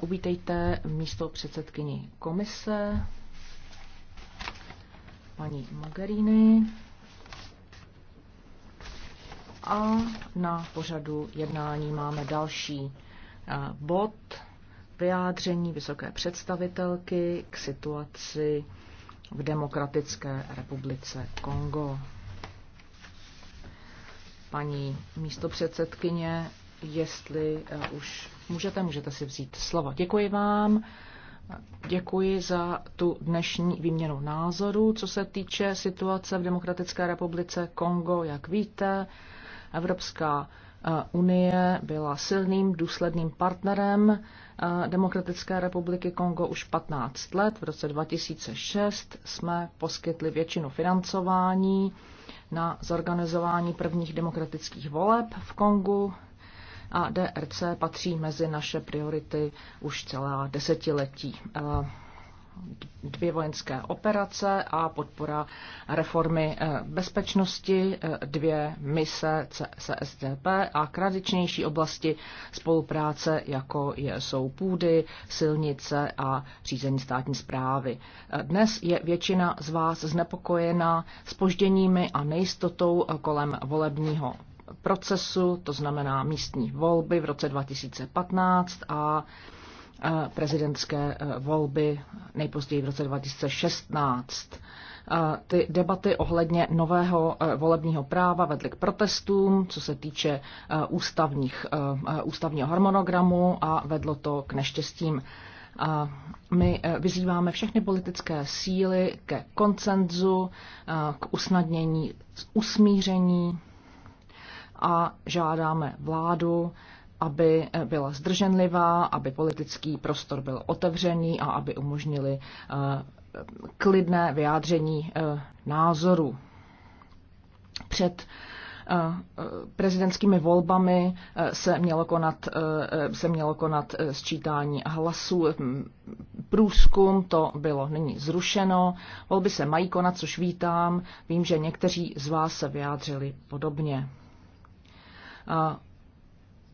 Uvítejte místo předsedkyni komise, paní Magarini. A na pořadu jednání máme další bod vyjádření vysoké představitelky k situaci v Demokratické republice Kongo. Paní místopředsedkyně, jestli e, už Můžete, můžete si vzít slovo. Děkuji vám. Děkuji za tu dnešní výměnu názorů. Co se týče situace v Demokratické republice Kongo, jak víte, Evropská eh, unie byla silným, důsledným partnerem eh, Demokratické republiky Kongo už 15 let. V roce 2006 jsme poskytli většinu financování na zorganizování prvních demokratických voleb v Kongu a DRC patří mezi naše priority už celá desetiletí. Eh, dvě vojenské operace a podpora reformy eh, bezpečnosti, eh, dvě mise CSDP a kradičnější oblasti spolupráce, jako jsou půdy, silnice a řízení státní zprávy. Dnes je většina z vás znepokojena spožděními a nejistotou kolem volebního procesu, to znamená místní volby v roce 2015 a e, prezidentské e, volby nejpozději v roce 2016. E, ty debaty ohledně nového volebního práva vedly k protestům, co se týče ústavních, ústavního harmonogramu a vedlo to k neštěstím. my vyzýváme všechny politické síly ke koncenzu, k usnadnění usmíření a žádáme vládu, aby eh, byla zdrženlivá, aby politický prostor byl otevřený a aby umožnili eh, klidné vyjádření eh, názoru Před prezidentskými volbami se mělo konat, se mělo konat sčítání hlasů. Hmm, průzkum to bylo nyní zrušeno. Volby se mají konat, což vítám. Vím, že někteří z vás se vyjádřili podobně.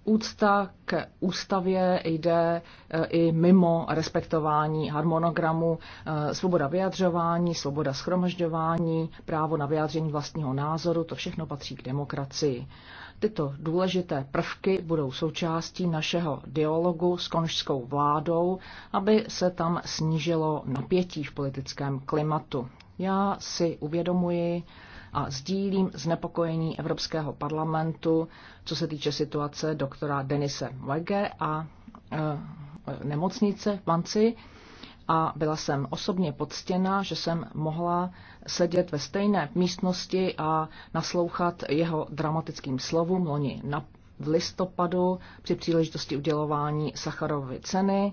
Úcta k ústavě jde eh, i mimo respektování harmonogramu eh, svoboda vyjadřování, svoboda schromažďování, právo na vyjádření vlastního názoru, to všechno patří k demokracii. Tyto důležité prvky budou součástí našeho dialogu s konžskou vládou, aby se tam snížilo napětí v politickém klimatu. Já si uvědomuji, a sdílím znepokojení Evropského parlamentu, co se týče situace doktora Denise Wege a e, nemocnice v Manci a byla jsem osobně poctěna, že jsem mohla sedět ve stejné místnosti a naslouchat jeho dramatickým slovům loni na, v listopadu při příležitosti udělování Sacharovy ceny.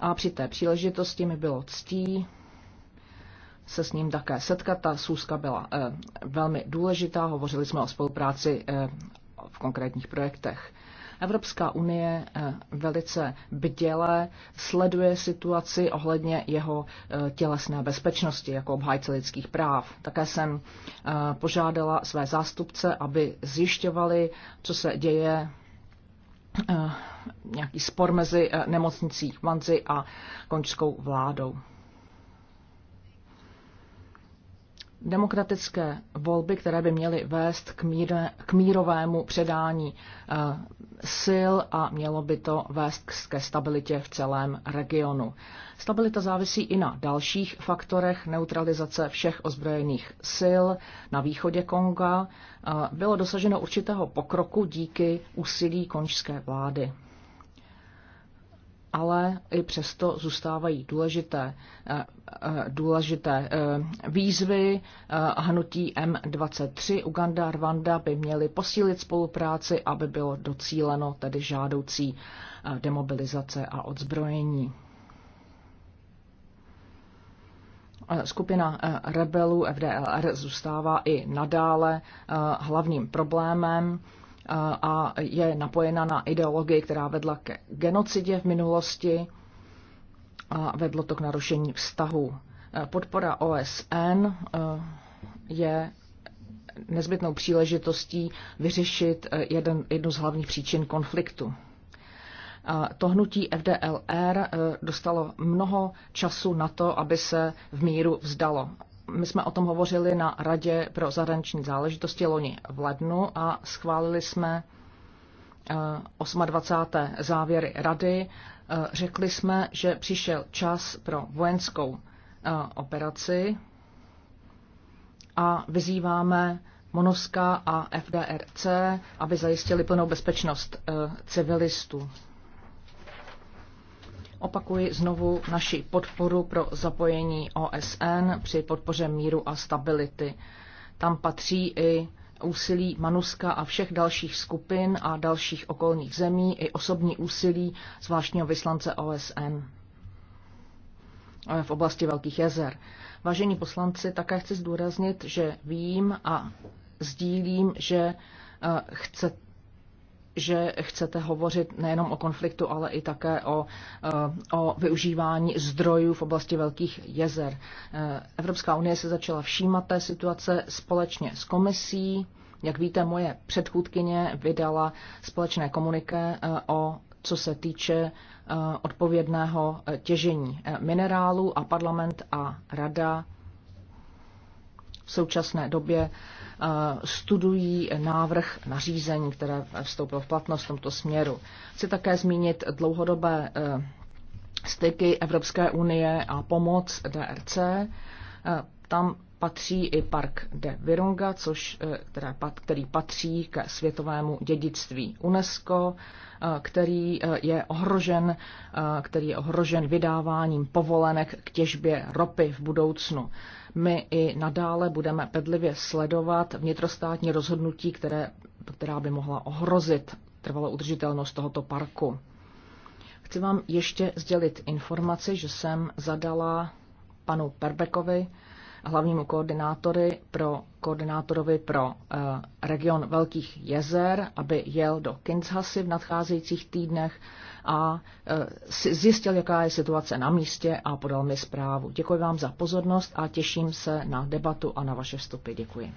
A při té příležitosti mi bylo ctí se s ním také setkat. Ta sůzka byla eh, velmi důležitá, hovořili jsme o spolupráci eh, v konkrétních projektech. Evropská unie eh, velice bděle sleduje situaci ohledně jeho tělesné bezpečnosti jako obhájce lidských práv. Také jsem požádala své zástupce, aby zjišťovali, co se děje nějaký spor mezi nemocnicí Manzi a končskou vládou. demokratické volby, které by měly vést k, míre, k mírovému předání uh, sil a mělo by to vést ke stabilitě v celém regionu. Stabilita závisí i na dalších faktorech neutralizace všech ozbrojených sil na východě Konga. Uh, bylo dosaženo určitého pokroku díky úsilí konžské vlády ale i přesto zůstávají důležité, eh, eh, důležité eh, výzvy. Hnutí M23 Uganda a Rwanda by měly posílit spolupráci, aby bylo docíleno tedy žádoucí demobilizace a odzbrojení. Skupina rebelů FDLR zůstává i nadále hlavním problémem a je napojena na ideologii, která vedla ke genocidě v minulosti a vedlo to k narušení vztahu. E, podpora OSN e, je nezbytnou příležitostí vyřešit e, jeden, jednu z hlavních příčin konfliktu. To hnutí FDLR dostalo mnoho času na to, aby se v míru vzdalo my jsme o tom hovořili na Radě pro zahraniční záležitosti loni v lednu a schválili jsme 28. Eh, závěry Rady. Eh, řekli jsme, že přišel čas pro vojenskou eh, operaci a vyzýváme Monoska a FDRC, aby zajistili plnou bezpečnost civilistů. Opakuji znovu naši podporu pro zapojení OSN při podpoře míru a stability. Tam patří i úsilí Manuska a všech dalších skupin a dalších okolních zemí i osobní úsilí zvláštního vyslance OSN v oblasti Velkých jezer. Vážení poslanci, také chci zdůraznit, že vím a sdílím, že eh, chcete že chcete hovořit nejenom o konfliktu, ale i také o, eh, o využívání zdrojů v oblasti velkých jezer. Eh, Evropská unie se začala všímat té situace společně s komisí. Jak víte, moje předchůdkyně vydala společné komuniké eh, o co se týče odpovědného těžení minerálu a parlament a rada v současné době eh, studují návrh nařízení, které vstoupilo v platnost v tomto směru. Chci také zmínit dlouhodobé eh, styky Evropské unie a pomoc DRC. Eh, tam patří i park de Virunga, což, eh, teda, který patří ke světovému dědictví UNESCO, eh, který eh, je ohrožen, který je ohrožen vydáváním povolenek k těžbě ropy v budoucnu. My i nadále budeme pedlivě sledovat vnitrostátní rozhodnutí, které, která by mohla ohrozit trvalou udržitelnost tohoto parku. Chci vám ještě sdělit informaci, že jsem zadala panu Perbekovi hlavnímu koordinátory pro, koordinátorovi pro eh, region Velkých jezer, aby jel do Kinshasy v nadcházejících týdnech a eh, zjistil, jaká je situace na místě a podal mi zprávu. Děkuji vám za pozornost a těším se na debatu a na vaše vstupy. Děkuji.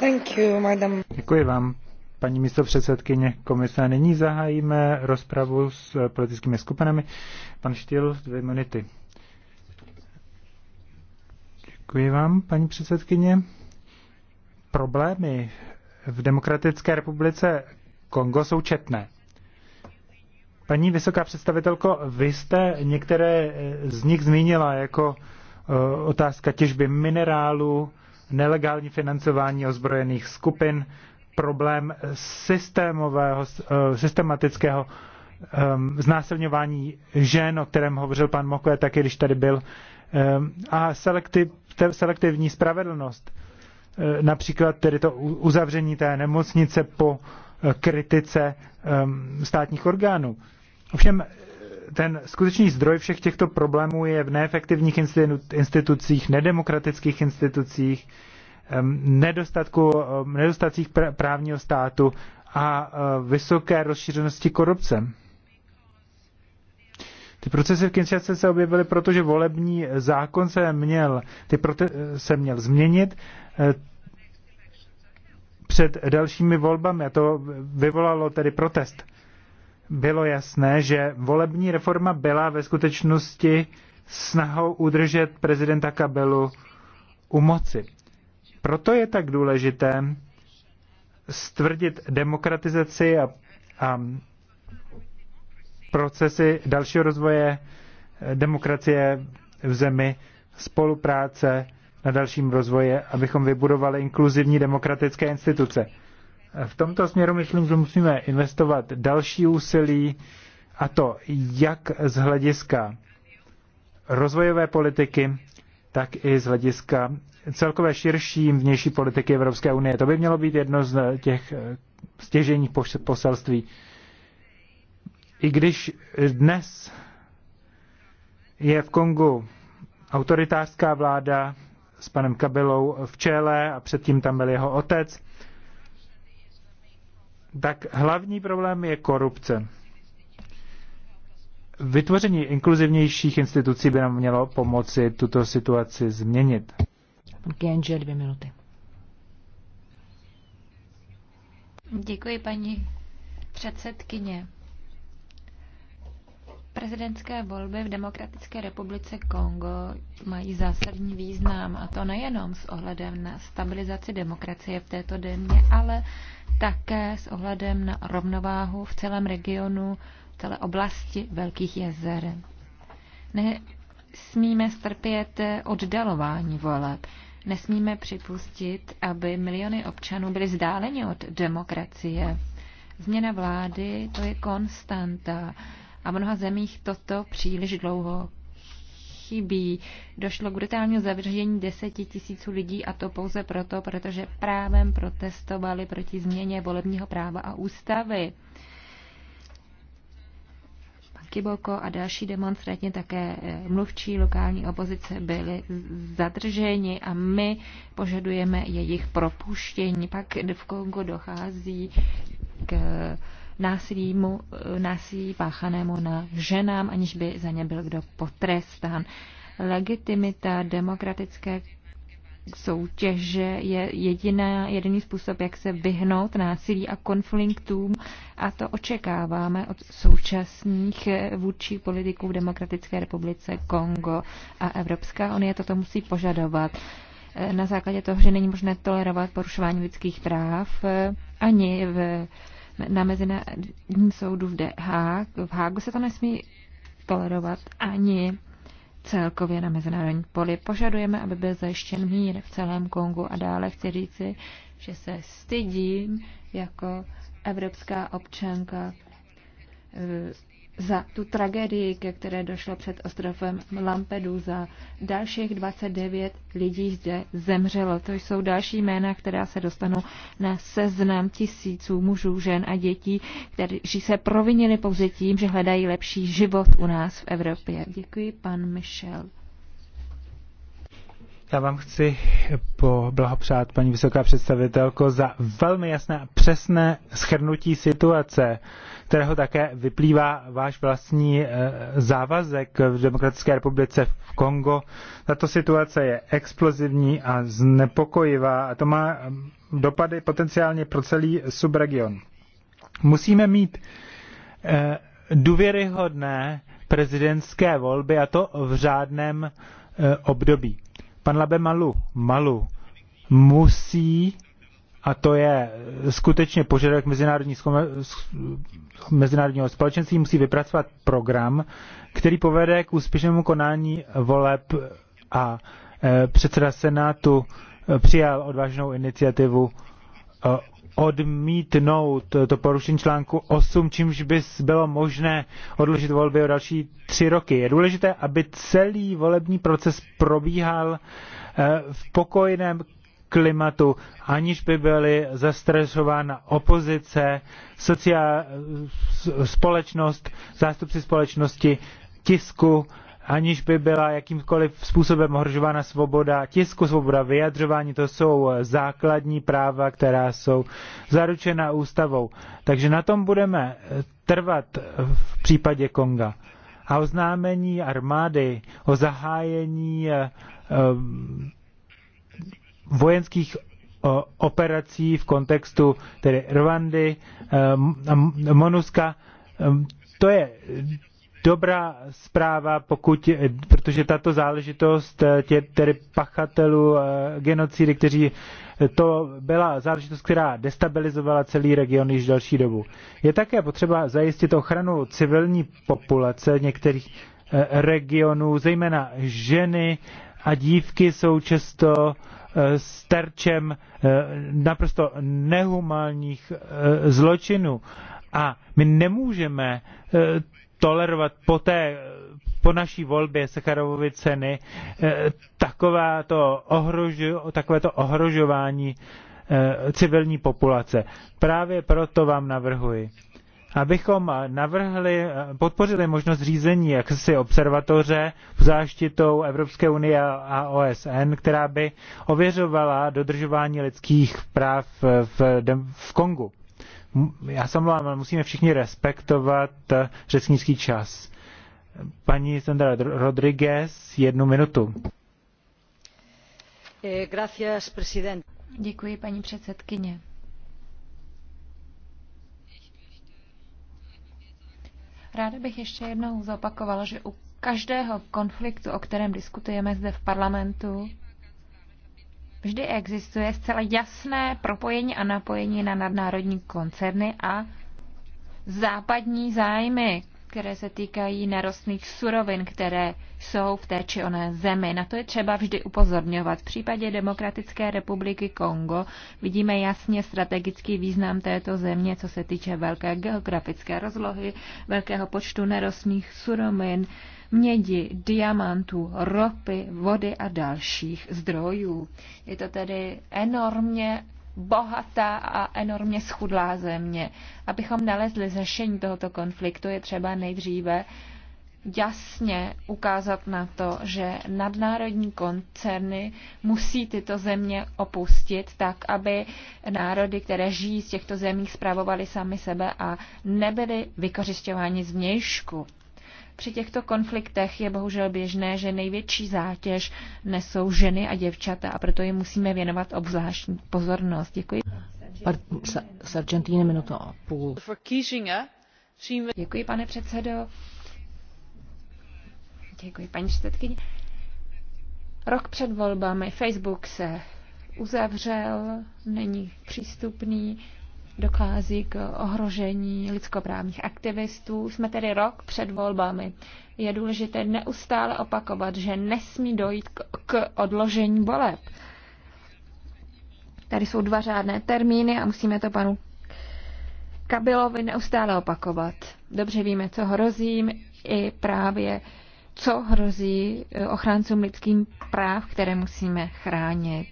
Thank you, madam. Děkuji vám, paní místo předsedkyně komise. Nyní zahájíme rozpravu s eh, politickými skupinami. Pan Štil, dvě minuty. Děkuji vám, paní předsedkyně. Problémy v Demokratické republice Kongo jsou četné. Paní vysoká představitelko, vy jste některé z nich zmínila jako e, otázka těžby minerálu, nelegální financování ozbrojených skupin, problém systémového, e, systematického e, znásilňování žen, o kterém hovořil pan Mokoje taky, když tady byl, a selektiv, selektivní spravedlnost. E, například tedy to uzavření té nemocnice po e, kritice státních orgánů. Ovšem e, ten skutečný zdroj všech těchto problémů je v neefektivních institucích, nedemokratických institucích, nedostatku, nedostacích právního státu a vysoké rozšířenosti korupce. Ty procesy v Kinshase se objevily, protože volební zákon se měl, ty prote- se měl změnit eh, před dalšími volbami a to vyvolalo tedy protest. Bylo jasné, že volební reforma byla ve skutečnosti snahou udržet prezidenta Kabelu u moci. Proto je tak důležité stvrdit demokratizaci a, a procesy dalšího rozvoje eh, demokracie v zemi, spolupráce na dalším rozvoji, abychom vybudovali inkluzivní demokratické instituce. V tomto směru myslím, že musíme investovat další úsilí, a to jak z hlediska rozvojové politiky, tak i z hlediska celkové širší vnější politiky Evropské unie. To by mělo být jedno z těch eh, stěžení poselství i když dnes je v Kongu autoritářská vláda s panem Kabilou v čele a předtím tam byl jeho otec, tak hlavní problém je korupce. Vytvoření inkluzivnějších institucí by nám mělo pomoci tuto situaci změnit. Genže dvě minuty. Děkuji, paní předsedkyně. Prezidentské volby v Demokratické republice Kongo mají zásadní význam, a to nejenom s ohledem na stabilizaci demokracie v této demě, ale také s ohledem na rovnováhu v celém regionu, v celé oblasti Velkých jezer. Nesmíme strpět oddalování voleb. Nesmíme připustit, aby miliony občanů byly vzdáleni od demokracie. Změna vlády to je konstanta. A v mnoha zemích toto příliš dlouho chybí. Došlo k brutálnímu zavržení deseti tisíců lidí a to pouze proto, protože právem protestovali proti změně volebního práva a ústavy. Kiboko a další demonstratně také eh, mluvčí lokální opozice byli zadrženi a my požadujeme jejich propuštění. Pak v Kongo dochází k násilímu, eh, násilí páchanému na ženám, aniž by za ně byl kdo potrestán. Legitimita demokratické soutěže je jediná, jediný způsob, jak se vyhnout násilí a konfliktům a to očekáváme od současných eh, vůdčí politiků v Demokratické republice Kongo a Evropská unie toto musí požadovat eh, na základě toho, že není možné tolerovat porušování lidských práv ani v na Mezinárodním soudu v DH. V Hágu se to nesmí tolerovat ani celkově na mezinárodní poli. Požadujeme, aby byl zajištěn mír v celém Kongu a dále chci říci, že se stydím jako evropská občanka eh, za tu tragédii, ke které došlo před ostrovem Lampedusa. Dalších 29 lidí zde zemřelo. To jsou další jména, která se dostanou na seznam tisíců mužů, žen a dětí, kteří se provinili pouze tím, že hledají lepší život u nás v Evropě. Děkuji, pan Michel. Já vám chci poblahopřát, paní vysoká představitelko, za velmi jasné a přesné schrnutí situace kterého také vyplývá váš vlastní eh, závazek v Demokratické republice v Kongo. Tato situace je explozivní a znepokojivá a to má mm, dopady potenciálně pro celý subregion. Musíme mít eh, důvěryhodné prezidentské volby a to v řádném eh, období. Pan Labe Malu, Malu musí a to je skutečně požadavek mezinárodní, mezinárodního společenství, musí vypracovat program, který povede k úspěšnému konání voleb a e, předseda Senátu e, přijal odvážnou iniciativu e, odmítnout to porušení článku 8, čímž by bylo možné odložit volby o další tři roky. Je důležité, aby celý volební proces probíhal v pokojném klimatu, aniž by byly zastrašována opozice, sociál, společnost, zástupci společnosti, tisku, aniž by byla jakýmkoliv způsobem ohrožována svoboda tisku, svoboda vyjadřování, to jsou základní práva, která jsou zaručena ústavou. Takže na tom budeme trvat v případě Konga. A oznámení armády o zahájení eh, vojenských eh, operací v kontextu tedy Rwandy a eh, Monuska. Ehm, to je dobrá zpráva, pokud, eh, protože tato záležitost tě, tedy pachatelů genocidy, kteří to byla záležitost, která destabilizovala celý region již další dobu. Je také potřeba zajistit ochranu civilní populace některých regionů, zejména ženy, a dívky jsou často eh, terčem eh, naprosto nehumálních eh, zločinů. A my nemůžeme tolerovat poté, po naší volbě Sacharovovy ceny, takováto ohrožu, to ohrožování civilní populace. Právě proto vám navrhuji, abychom navrhli, podpořili možnost řízení jaksi observatoře záštitou Evropské unie a OSN, která by ověřovala dodržování lidských práv v, v Kongu. Já se omlouvám, ale musíme všichni respektovat řečnický čas. Paní Sandra Rodriguez, jednu minutu. Eh, Děkuji, paní předsedkyně. Ráda bych ještě jednou zopakovala, že u každého konfliktu, o kterém diskutujeme zde v parlamentu, vždy existuje zcela jasné propojení a napojení na nadnárodní koncerny a západní zájmy, které se týkají nerostných surovin, které jsou v té či oné zemi. Na to je třeba vždy upozorňovat. V případě Demokratické republiky Kongo vidíme jasně strategický význam této země, co se týče velké geografické rozlohy, velkého počtu nerostných surovin, mědi, diamantů, ropy, vody a dalších zdrojů. Je to tedy enormně bohatá a enormně schudlá země. Abychom nalezli řešení tohoto konfliktu, je třeba nejdříve jasně ukázat na to, že nadnárodní koncerny musí tyto země opustit tak, aby národy, které žijí z těchto zemí, zpravovaly sami sebe a nebyly vykořišťováni zvnějšku. Při těchto konfliktech je bohužel běžné, že největší zátěž nesou ženy a děvčata a proto jim musíme věnovat obzvláštní pozornost. Děkuji. Sargentine, minuto a půl. Děkuji, pane předsedo. Děkuji, paní předsedkyně. Rok před volbami Facebook se uzavřel, není přístupný dochází k ohrožení lidskoprávních aktivistů. Jsme tedy rok před volbami. Je důležité neustále opakovat, že nesmí dojít k odložení voleb. Tady jsou dva řádné termíny a musíme to panu Kabilovi neustále opakovat. Dobře víme, co hrozí i právě co hrozí ochráncům lidským práv, které musíme chránit.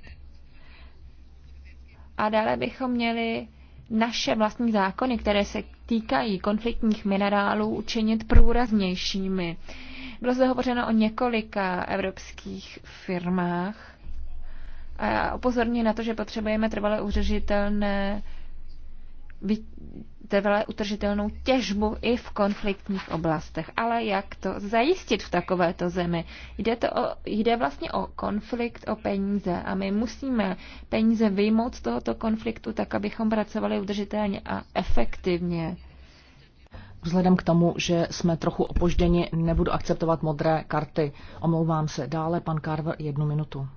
A dále bychom měli naše vlastní zákony, které se týkají konfliktních minerálů, učinit průraznějšími. Bylo zde hovořeno o několika evropských firmách a upozorní na to, že potřebujeme trvale uřežitelné trvalé utržitelnou těžbu i v konfliktních oblastech. Ale jak to zajistit v takovéto zemi? Jde, to o, jde vlastně o konflikt, o peníze a my musíme peníze vyjmout z tohoto konfliktu tak, abychom pracovali udržitelně a efektivně. Vzhledem k tomu, že jsme trochu opožděni, nebudu akceptovat modré karty. Omlouvám se. Dále pan Carver jednu minutu.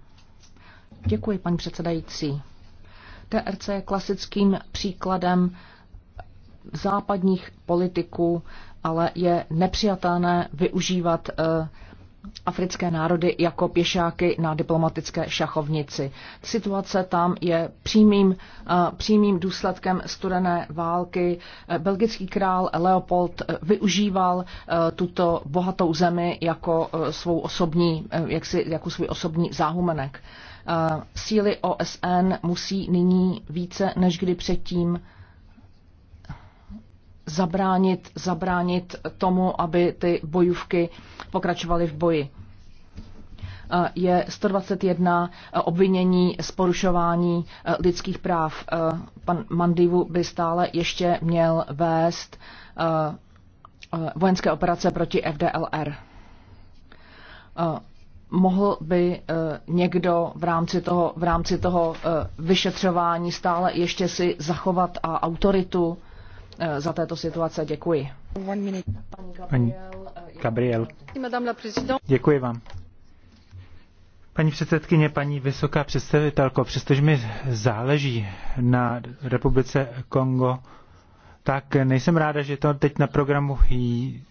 Děkuji, paní předsedající. TRC je klasickým příkladem západních politiků, ale je nepřijatelné využívat eh, africké národy jako pěšáky na diplomatické šachovnici. Situace tam je přímým, eh, přímým důsledkem studené války. Eh, belgický král Leopold využíval tuto bohatou zemi jako, svou osobní, jaksi, jako svůj osobní záhumenek. Síly OSN musí nyní více než kdy předtím zabránit, zabránit tomu, aby ty bojůvky pokračovaly v boji. Eh, je 121 eh, obvinění z porušování eh, lidských práv. Pan Mandivu by stále ještě měl vést vojenské operace proti FDLR. Mohl by někdo v rámci toho, v rámci toho vyšetřování stále ještě si zachovat a autoritu? Eh, za této situace. Děkuji. Paní Gabriel. Eh, Děkuji vám. Paní předsedkyně, paní vysoká představitelko, přestože mi záleží na republice Kongo, tak nejsem ráda, že to teď na programu jí,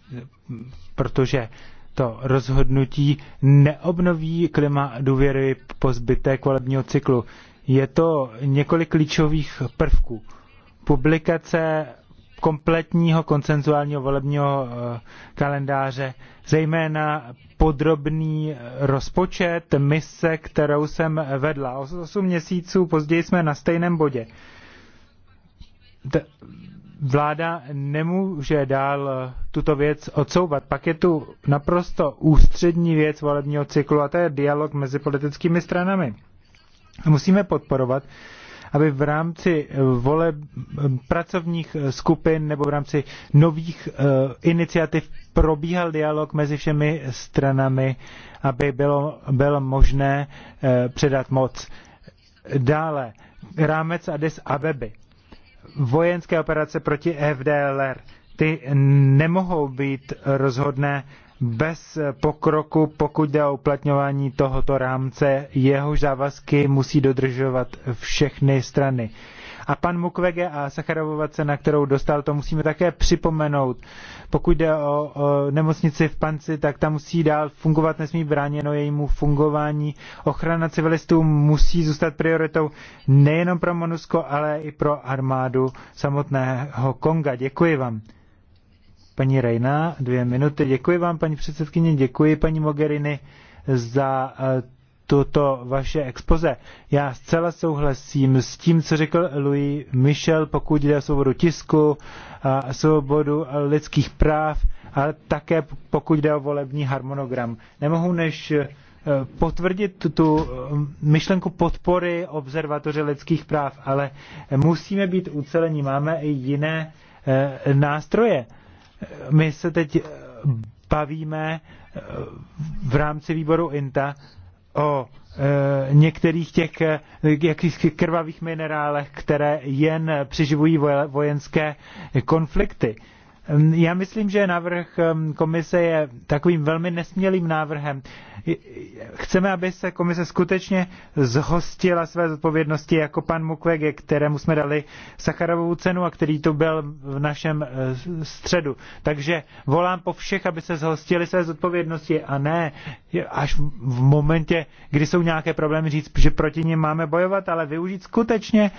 protože to rozhodnutí neobnoví klima důvěry po zbytek volebního cyklu. Je to několik klíčových prvků. Publikace kompletního koncenzuálního volebního eh, kalendáře, zejména podrobný rozpočet mise, kterou jsem vedla. Osm měsíců později jsme na stejném bodě. Vláda nemůže dál eh, tuto věc odsouvat. Pak je tu naprosto ústřední věc volebního cyklu a to je dialog mezi politickými stranami. Musíme podporovat aby v rámci eh, vole eh, pracovních eh, skupin nebo v rámci nových iniciativ probíhal dialog mezi všemi stranami, aby bylo, bylo možné předat moc. Dále, rámec Addis Abeby. Vojenské operace proti FDLR ty nemohou být rozhodné bez pokroku, pokud jde o uplatňování tohoto rámce, jehož závazky musí dodržovat všechny strany. A pan Mukwege a Sacharovova cena, kterou dostal, to musíme také připomenout. Pokud jde o, o nemocnici v Panci, tak ta musí dál fungovat, nesmí bráněno jejímu fungování. Ochrana civilistů musí zůstat prioritou nejenom pro Monusko, ale i pro armádu samotného Konga. Děkuji vám. Paní Rejna, dvě minuty. Děkuji vám, paní předsedkyně, děkuji paní Mogherini za eh, tuto vaše expoze. Já zcela souhlasím s tím, co řekl Louis Michel, pokud jde o svobodu tisku, a svobodu lidských práv, ale také pokud jde o volební harmonogram. Nemohu než eh, potvrdit tu eh, myšlenku podpory observatoře lidských práv, ale musíme být ucelení, máme i jiné nástroje my se teď eh, bavíme eh, v rámci výboru INTA o eh, některých těch jakých krvavých minerálech, které jen přiživují vojenské konflikty. Já myslím, že návrh komise je takovým velmi nesmělým návrhem. Chceme, aby se komise skutečně zhostila své zodpovědnosti jako pan Mukwege, kterému jsme dali Sacharovou cenu a který tu byl v našem e, středu. Takže volám po všech, aby se zhostili své zodpovědnosti a ne až v momentě, kdy jsou nějaké problémy říct, že proti nim máme bojovat, ale využít skutečně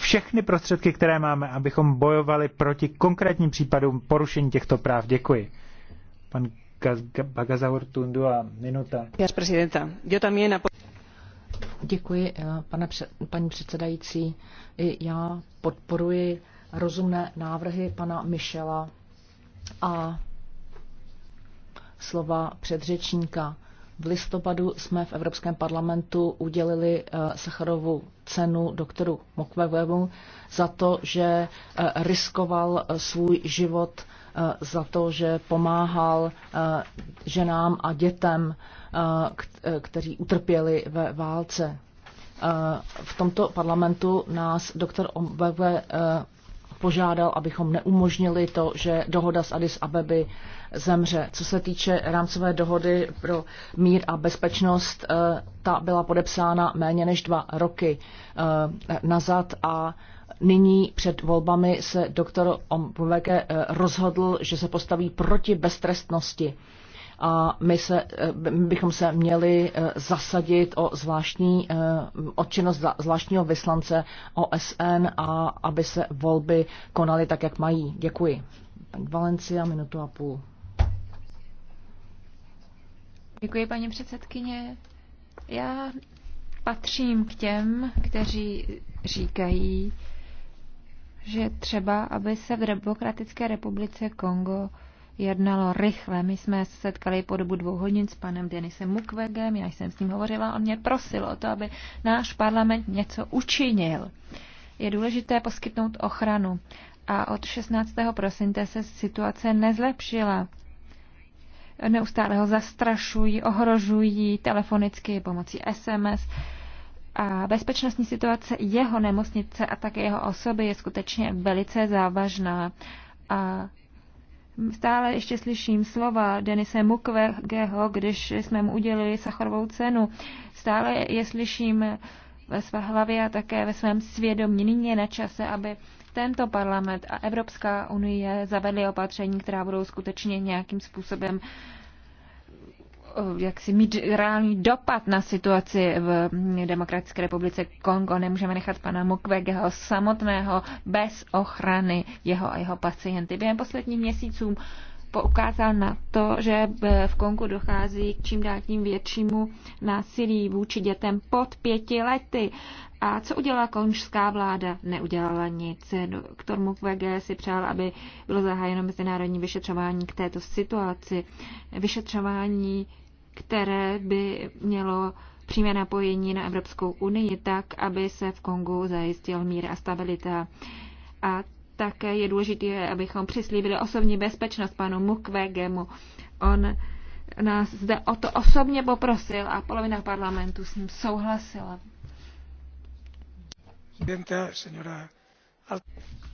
všechny prostředky, které máme, abychom bojovali proti konkrétním případům porušení těchto práv. Děkuji. Pan Bagazaur Tundu a minuta. Děkuji, eh, pane, paní předsedající. Já podporuji rozumné návrhy pana Michela a slova předřečníka. V listopadu jsme v Evropském parlamentu udělili eh, Sacharovu cenu doktoru Mokwevevu za to, že eh, riskoval eh, svůj život, za to, že pomáhal ženám a dětem, kteří utrpěli ve válce. V tomto parlamentu nás doktor Omwewe požádal, abychom neumožnili to, že dohoda s Addis Abeby zemře. Co se týče rámcové dohody pro mír a bezpečnost, eh, ta byla podepsána méně než dva roky eh, nazad a nyní před volbami se doktor Omveke eh, rozhodl, že se postaví proti beztrestnosti a my se, bychom se měli zasadit o zvláštní odčinnost zvláštního vyslance OSN a aby se volby konaly tak, jak mají. Děkuji. Paní Valencia, minutu a půl. Děkuji, paní předsedkyně. Já patřím k těm, kteří říkají, že třeba, aby se v Demokratické republice Kongo jednalo rychle. My jsme se setkali po dobu dvou hodin s panem Denisem Mukwegem, já jsem s ním hovořila, on mě prosil o to, aby náš parlament něco učinil. Je důležité poskytnout ochranu a od 16. prosince se situace nezlepšila neustále ho zastrašují, ohrožují telefonicky pomocí SMS. A bezpečnostní situace jeho nemocnice a také jeho osoby je skutečně velice závažná. A Stále ještě slyším slova Denise Mukwegeho, když jsme mu udělili Sacharovou cenu. Stále je slyším ve své hlavě a také ve svém svědomí. Nyní je na čase, aby tento parlament a Evropská unie zavedly opatření, která budou skutečně nějakým způsobem eh, jak si mít reálný dopad na situaci v Demokratické republice Kongo. Nemůžeme nechat pana Mukwegeho samotného bez ochrany jeho a jeho pacienty. Během posledních měsíců poukázal na to, že v Kongu dochází k čím dál tím většímu násilí vůči dětem pod pěti lety. A co udělala konžská vláda? Neudělala nic. K tomu VG si přál, aby bylo zahájeno mezinárodní vyšetřování k této situaci. Vyšetřování, které by mělo přímé napojení na Evropskou unii tak, aby se v Kongu zajistil mír a stabilita. A také je důležité, abychom přislíbili osobní bezpečnost panu Mukwegemu. On nás zde o to osobně poprosil a polovina parlamentu s ním souhlasila.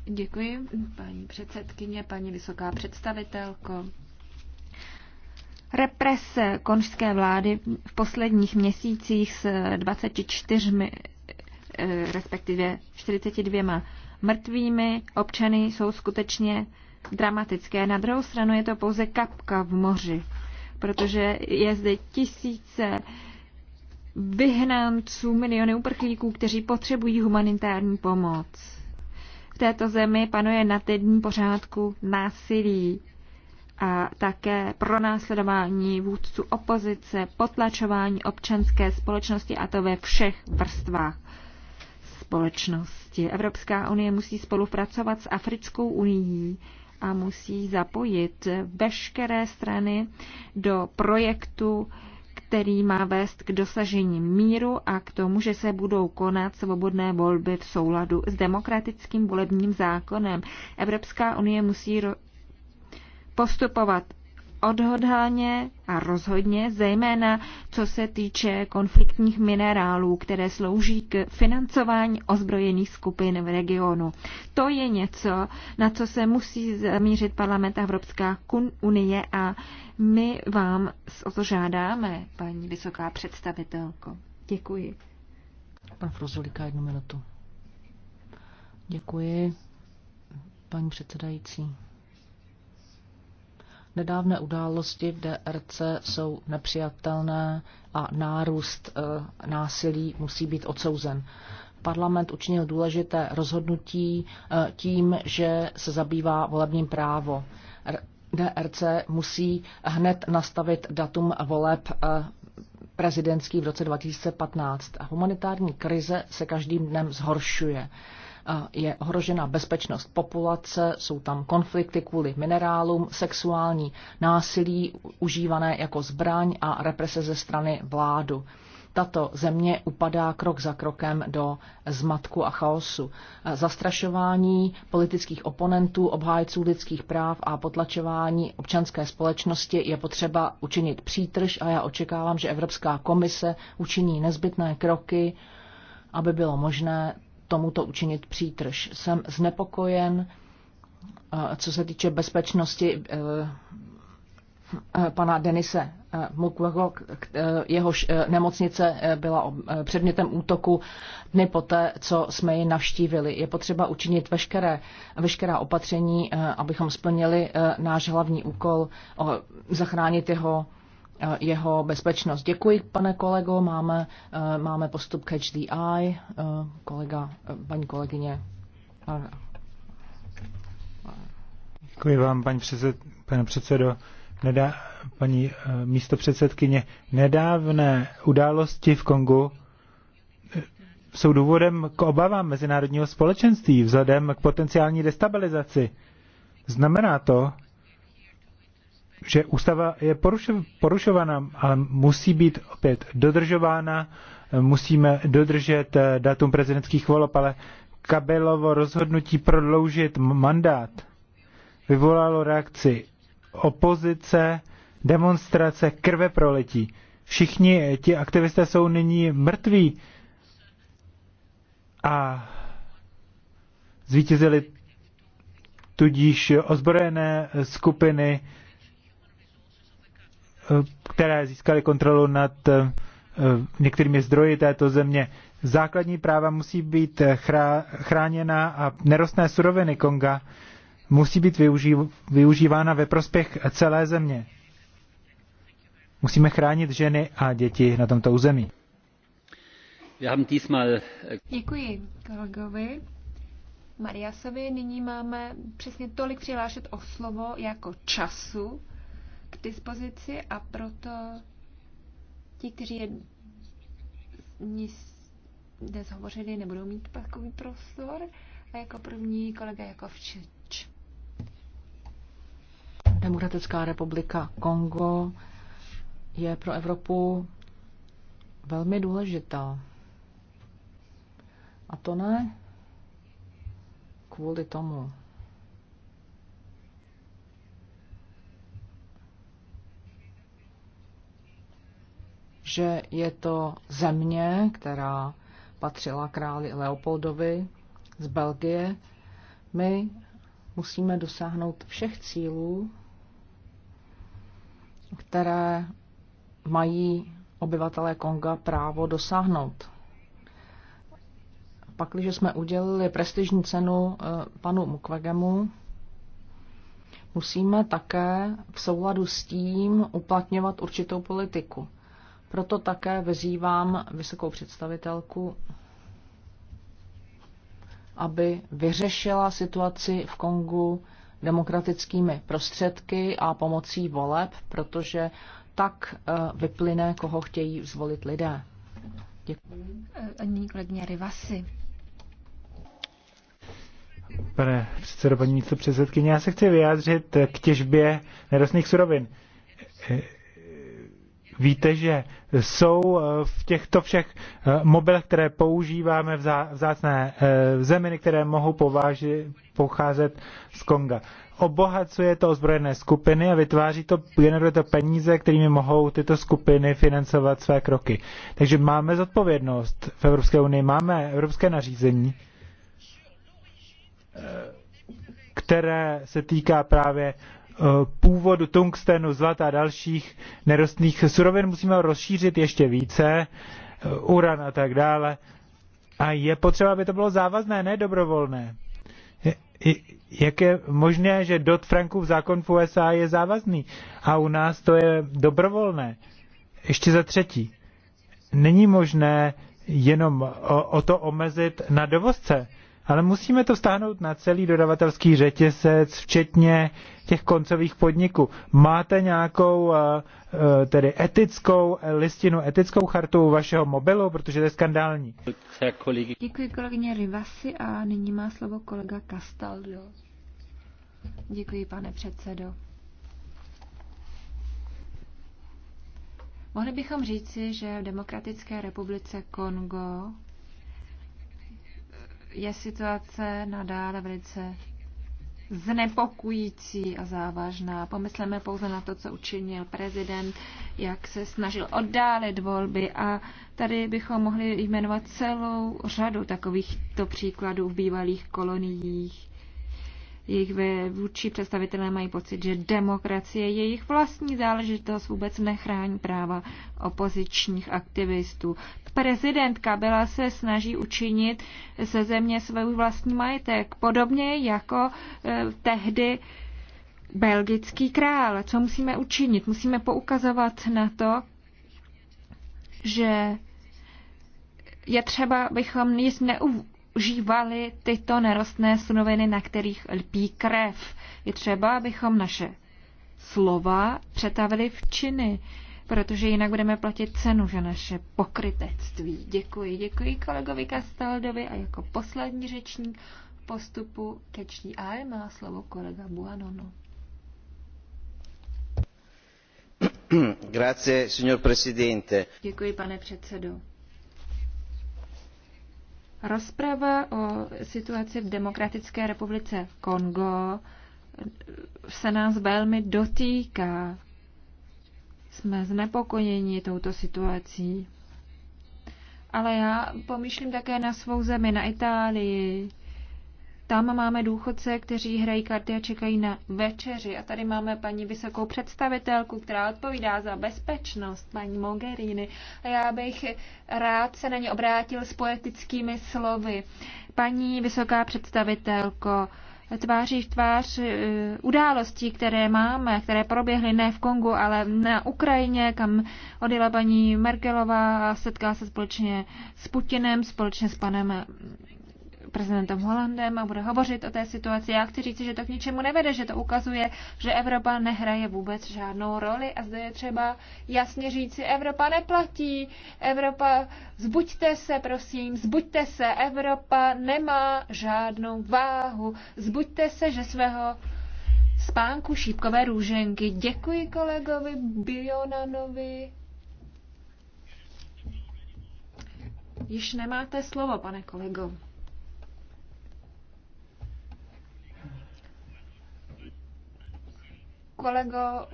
Děkuji, paní předsedkyně, paní vysoká představitelko. Represe konžské vlády v posledních měsících s 24, eh, respektive 42 mrtvými občany jsou skutečně dramatické. Na druhou stranu je to pouze kapka v moři, protože je zde tisíce vyhnanců, miliony uprchlíků, kteří potřebují humanitární pomoc. V této zemi panuje na týdní pořádku násilí a také pronásledování vůdců opozice, potlačování občanské společnosti a to ve všech vrstvách společnosti. Evropská unie musí spolupracovat s Africkou unii a musí zapojit veškeré strany do projektu který má vést k dosažení míru a k tomu, že se budou konat svobodné volby v souladu s demokratickým volebním zákonem. Evropská unie musí postupovat odhodlaně a rozhodně, zejména co se týče konfliktních minerálů, které slouží k financování ozbrojených skupin v regionu. To je něco, na co se musí zamířit parlament Evropská unie a my vám o to žádáme, paní vysoká představitelko. Děkuji. Pan Frozolíka, jednu minutu. Děkuji, paní předsedající. Nedávné události v DRC jsou nepřijatelné a nárůst eh, násilí musí být odsouzen. Parlament učinil důležité rozhodnutí eh, tím, že se zabývá volebním právo. DRC musí hned nastavit datum voleb eh, prezidentský v roce 2015. Humanitární krize se každým dnem zhoršuje je ohrožena bezpečnost populace, jsou tam konflikty kvůli minerálům, sexuální násilí užívané jako zbraň a represe ze strany vládu tato země upadá krok za krokem do zmatku a chaosu. Zastrašování politických oponentů, obhájců lidských práv a potlačování občanské společnosti je potřeba učinit přítrž a já očekávám, že Evropská komise učiní nezbytné kroky, aby bylo možné tomuto učinit přítrž. Jsem znepokojen, eh, co se týče bezpečnosti eh, eh, pana Denise Mukwego, jehož nemocnice byla předmětem útoku dny poté, co jsme ji navštívili. Je potřeba učinit veškeré, veškerá opatření, abychom splnili náš hlavní úkol, zachránit jeho jeho bezpečnost. Děkuji, pane kolego, máme, eh, máme postup Catch the Eye, eh, kolega, eh, paní kolegyně. Děkuji vám, paní předsed, pane předsedo. Nedá, paní místo předsedkyně, nedávné události v Kongu jsou důvodem k obavám mezinárodního společenství vzhledem k potenciální destabilizaci. Znamená to, že ústava je porušovaná, ale musí být opět dodržována, musíme dodržet eh, datum prezidentských voleb, ale Kabelovo rozhodnutí prodloužit mandát vyvolalo reakci opozice, demonstrace, krve proletí. Všichni ti aktivisté jsou nyní mrtví a zvítězili tudíž ozbrojené skupiny které získaly kontrolu nad eh, některými zdroji této země. Základní práva musí být chráněna a nerostné suroviny Konga musí být využívána ve prospěch celé země. Musíme chránit ženy a děti na tomto území. Äh, Děkuji kolegovi Mariasovi. Nyní máme přesně tolik přihlášet o slovo jako času k dispozici a proto ti, kteří je dnes hovořili, nebudou mít takový prostor. A jako první kolega jako včič. Demokratická republika Kongo je pro Evropu velmi důležitá. A to ne kvůli tomu, že je to země, která patřila králi Leopoldovi z Belgie. My musíme dosáhnout všech cílů, které mají obyvatelé Konga právo dosáhnout. Pakliže jsme udělili prestižní cenu eh, panu Mukwegemu, musíme také v souladu s tím uplatňovat určitou politiku. Proto také vyzývám vysokou představitelku, aby vyřešila situaci v Kongu demokratickými prostředky a pomocí voleb, protože tak eh, vyplyne, koho chtějí zvolit lidé. Děkuji. Ani kolegyně Rivasi. Pane předsedo, paní místo předsedkyně, já se chci vyjádřit k těžbě nerostných surovin. Víte, že jsou eh, v těchto všech eh, mobilech, které používáme, v vzácné eh, zeminy, které mohou pováži, pocházet z Konga. Obohacuje to ozbrojené skupiny a vytváří to, generuje to peníze, kterými mohou tyto skupiny financovat své kroky. Takže máme zodpovědnost v Evropské unii, máme evropské nařízení, které se týká právě původu tungstenu, zlata a dalších nerostných surovin musíme rozšířit ještě více, uran a tak dále. A je potřeba, aby to bylo závazné, ne dobrovolné. Jak je možné, že dot frankův zákon v USA je závazný a u nás to je dobrovolné? Ještě za třetí. Není možné jenom o, o to omezit na dovozce. Ale musíme to stáhnout na celý dodavatelský řetězec, včetně těch koncových podniků. Máte nějakou eh, eh, tedy etickou eh, listinu, etickou chartu vašeho mobilu, protože to je skandální. Děkuji kolegyně Rivasi a nyní má slovo kolega Castaldo. Děkuji, pane předsedo. Mohli bychom říci, že v Demokratické republice Kongo je situace nadále velice znepokující a závažná. Pomysleme pouze na to, co učinil prezident, jak se snažil oddálit volby a tady bychom mohli jmenovat celou řadu takovýchto příkladů v bývalých koloniích. Jejich vůči představitelé mají pocit, že demokracie je jejich vlastní záležitost, vůbec nechrání práva opozičních aktivistů. Prezidentka byla se snaží učinit se země svůj vlastní majetek, podobně jako e, tehdy belgický král. Co musíme učinit? Musíme poukazovat na to, že je třeba, bychom nic neuv- užívali tyto nerostné suroviny, na kterých lpí krev. Je třeba, abychom naše slova přetavili v činy, protože jinak budeme platit cenu za naše pokrytectví. Děkuji, děkuji kolegovi Kastaldovi a jako poslední řečník postupu ke HDI má slovo kolega Buanono. Grazie, signor Presidente. Děkuji, pane předsedo. Rozprava o situaci v Demokratické republice Kongo se nás velmi dotýká. Jsme znepokojeni touto situací. Ale já pomýšlím také na svou zemi, na Itálii, tam máme důchodce, kteří hrají karty a čekají na večeři. A tady máme paní vysokou představitelku, která odpovídá za bezpečnost, paní Mogherini. A já bych rád se na ně obrátil s poetickými slovy. Paní vysoká představitelko, tváří v tvář eh, událostí, které máme, které proběhly ne v Kongu, ale na Ukrajině, kam odjela paní Merkelová a setká se společně s Putinem, společně s panem prezidentem Holandem a bude hovořit o té situaci. Já chci říct, že to k ničemu nevede, že to ukazuje, že Evropa nehraje vůbec žádnou roli a zde je třeba jasně říci, Evropa neplatí, Evropa, zbuďte se, prosím, zbuďte se, Evropa nemá žádnou váhu, zbuďte se, že svého spánku šípkové růženky. Děkuji kolegovi Bionanovi. Již nemáte slovo, pane kolego. kolego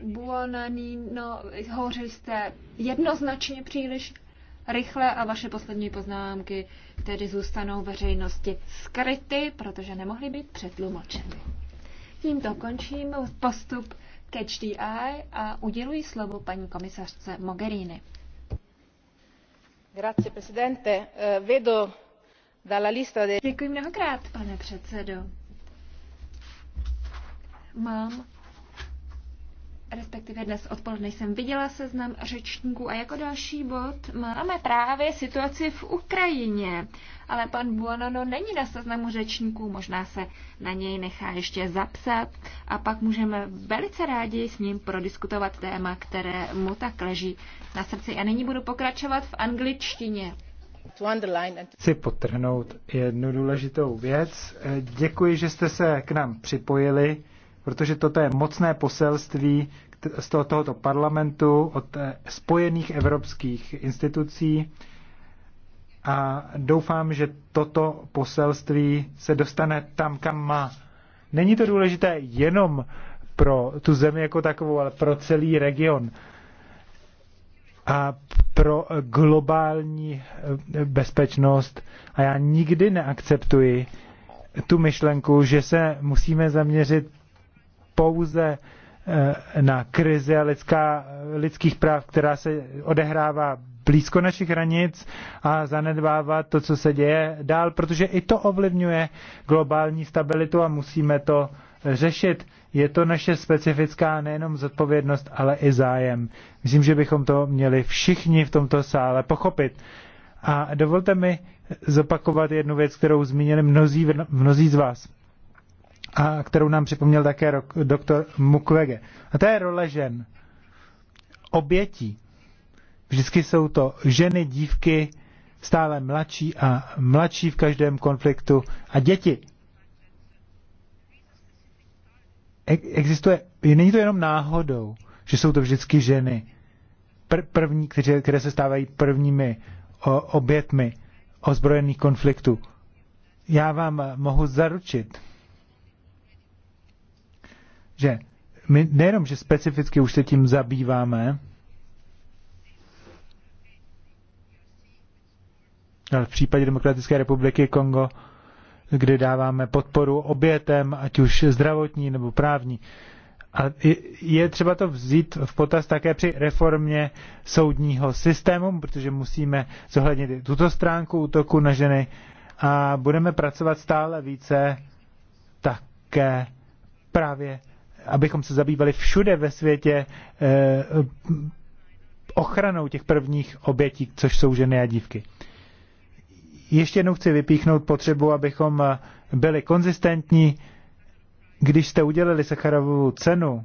no, hovořil jste jednoznačně příliš rychle a vaše poslední poznámky tedy zůstanou veřejnosti skryty, protože nemohly být přetlumočeny. Tímto končím postup Catch the Eye a uděluji slovo paní komisařce Mogherini. Grazie, presidente. Eh, vedo dalla lista de... Děkuji mnohokrát, pane předsedo. Mám respektive dnes odpoledne jsem viděla seznam řečníků a jako další bod máme právě situaci v Ukrajině. Ale pan Buonono není na seznamu řečníků, možná se na něj nechá ještě zapsat a pak můžeme velice rádi s ním prodiskutovat téma, které mu tak leží na srdci. A nyní budu pokračovat v angličtině. Chci potrhnout jednu důležitou věc. Děkuji, že jste se k nám připojili protože toto je mocné poselství z tohoto parlamentu od eh, spojených evropských institucí a doufám, že toto poselství se dostane tam, kam má. Není to důležité jenom pro tu zemi jako takovou, ale pro celý region a pro globální eh, bezpečnost. A já nikdy neakceptuji tu myšlenku, že se musíme zaměřit pouze eh, na krizi lidská, lidských práv, která se odehrává blízko našich hranic a zanedbávat to, co se děje dál, protože i to ovlivňuje globální stabilitu a musíme to řešit. Je to naše specifická nejenom zodpovědnost, ale i zájem. Myslím, že bychom to měli všichni v tomto sále pochopit. A dovolte mi zopakovat jednu věc, kterou zmínili mnozí, mnozí z vás a kterou nám připomněl také doktor Mukwege. A to je role žen. Obětí. Vždycky jsou to ženy, dívky, stále mladší a mladší v každém konfliktu a děti. E, existuje, není to jenom náhodou, že jsou to vždycky ženy, pr- první, které, které se stávají prvními o, obětmi ozbrojených konfliktů. Já vám mohu zaručit, že my nejenom, že specificky už se tím zabýváme, ale v případě Demokratické republiky Kongo, kdy dáváme podporu obětem, ať už zdravotní nebo právní. A je třeba to vzít v potaz také při reformě soudního systému, protože musíme zohlednit i tuto stránku útoku na ženy a budeme pracovat stále více také právě abychom se zabývali všude ve světě eh, ochranou těch prvních obětí, což jsou ženy a dívky. Ještě jednou chci vypíchnout potřebu, abychom eh, byli konzistentní. Když jste udělali Sacharovou cenu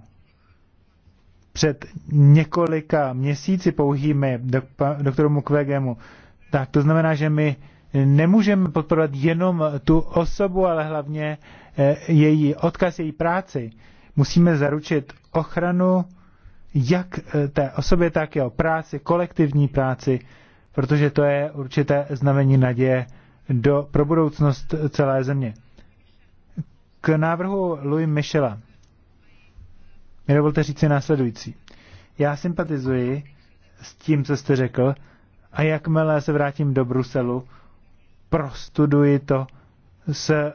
před několika měsíci pouhými doktoru Mukwegemu, tak to znamená, že my nemůžeme podporovat jenom tu osobu, ale hlavně eh, její odkaz, její práci. Musíme zaručit ochranu jak eh, té osobě, tak jeho práci, kolektivní práci, protože to je určité znamení naděje do, pro budoucnost celé země. K návrhu Louis Michela mi dovolte říci následující. Já sympatizuji s tím, co jste řekl, a jakmile se vrátím do Bruselu, prostuduji to s eh,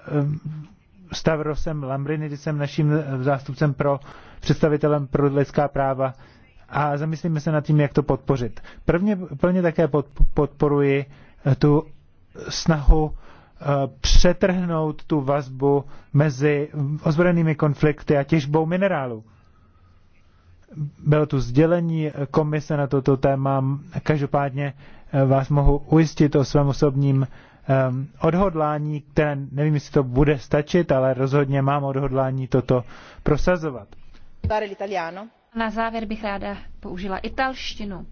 Stavrosem Lambrinidisem, naším zástupcem pro představitelem pro lidská práva a zamyslíme se nad tím, jak to podpořit. Prvně, plně také pod, podporuji eh, tu snahu eh, přetrhnout tu vazbu mezi ozbrojenými konflikty a těžbou minerálu. Bylo tu sdělení komise na toto téma. Každopádně eh, vás mohu ujistit o svém osobním Ehm, odhodlání, které nevím, jestli to bude stačit, ale rozhodně mám odhodlání toto prosazovat. Na závěr bych ráda použila italštinu.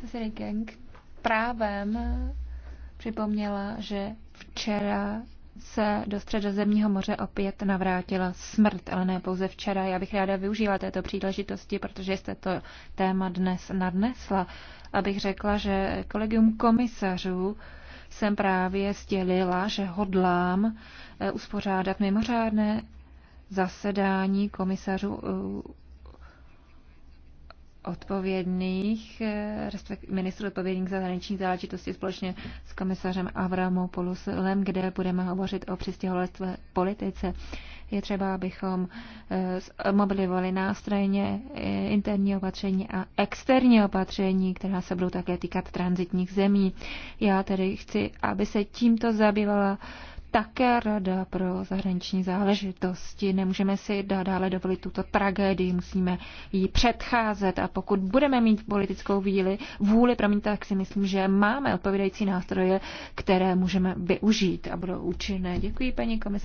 Cecilia Geng. právem připomněla, že včera se do středozemního moře opět navrátila smrt, ale ne pouze včera. Já bych ráda využila této příležitosti, protože jste to téma dnes nadnesla, abych řekla, že kolegium komisařů jsem právě sdělila, že hodlám eh, uspořádat mimořádné zasedání komisařů eh, odpovědných, eh, ministr odpovědných za zahraniční záležitosti společně s komisařem Avramopoulosem, kde budeme hovořit o přistěhovalství politice. Je třeba, abychom eh, mobilizovali nástrojně eh, interní opatření a externí opatření, která se budou také týkat transitních zemí. Já tedy chci, aby se tímto zabývala také Rada pro zahraniční záležitosti. Nemůžeme si dále dovolit tuto tragédii, musíme ji předcházet a pokud budeme mít politickou víli, vůli, promiň, tak si myslím, že máme odpovídající nástroje, které můžeme využít a budou účinné. Děkuji, paní komisař.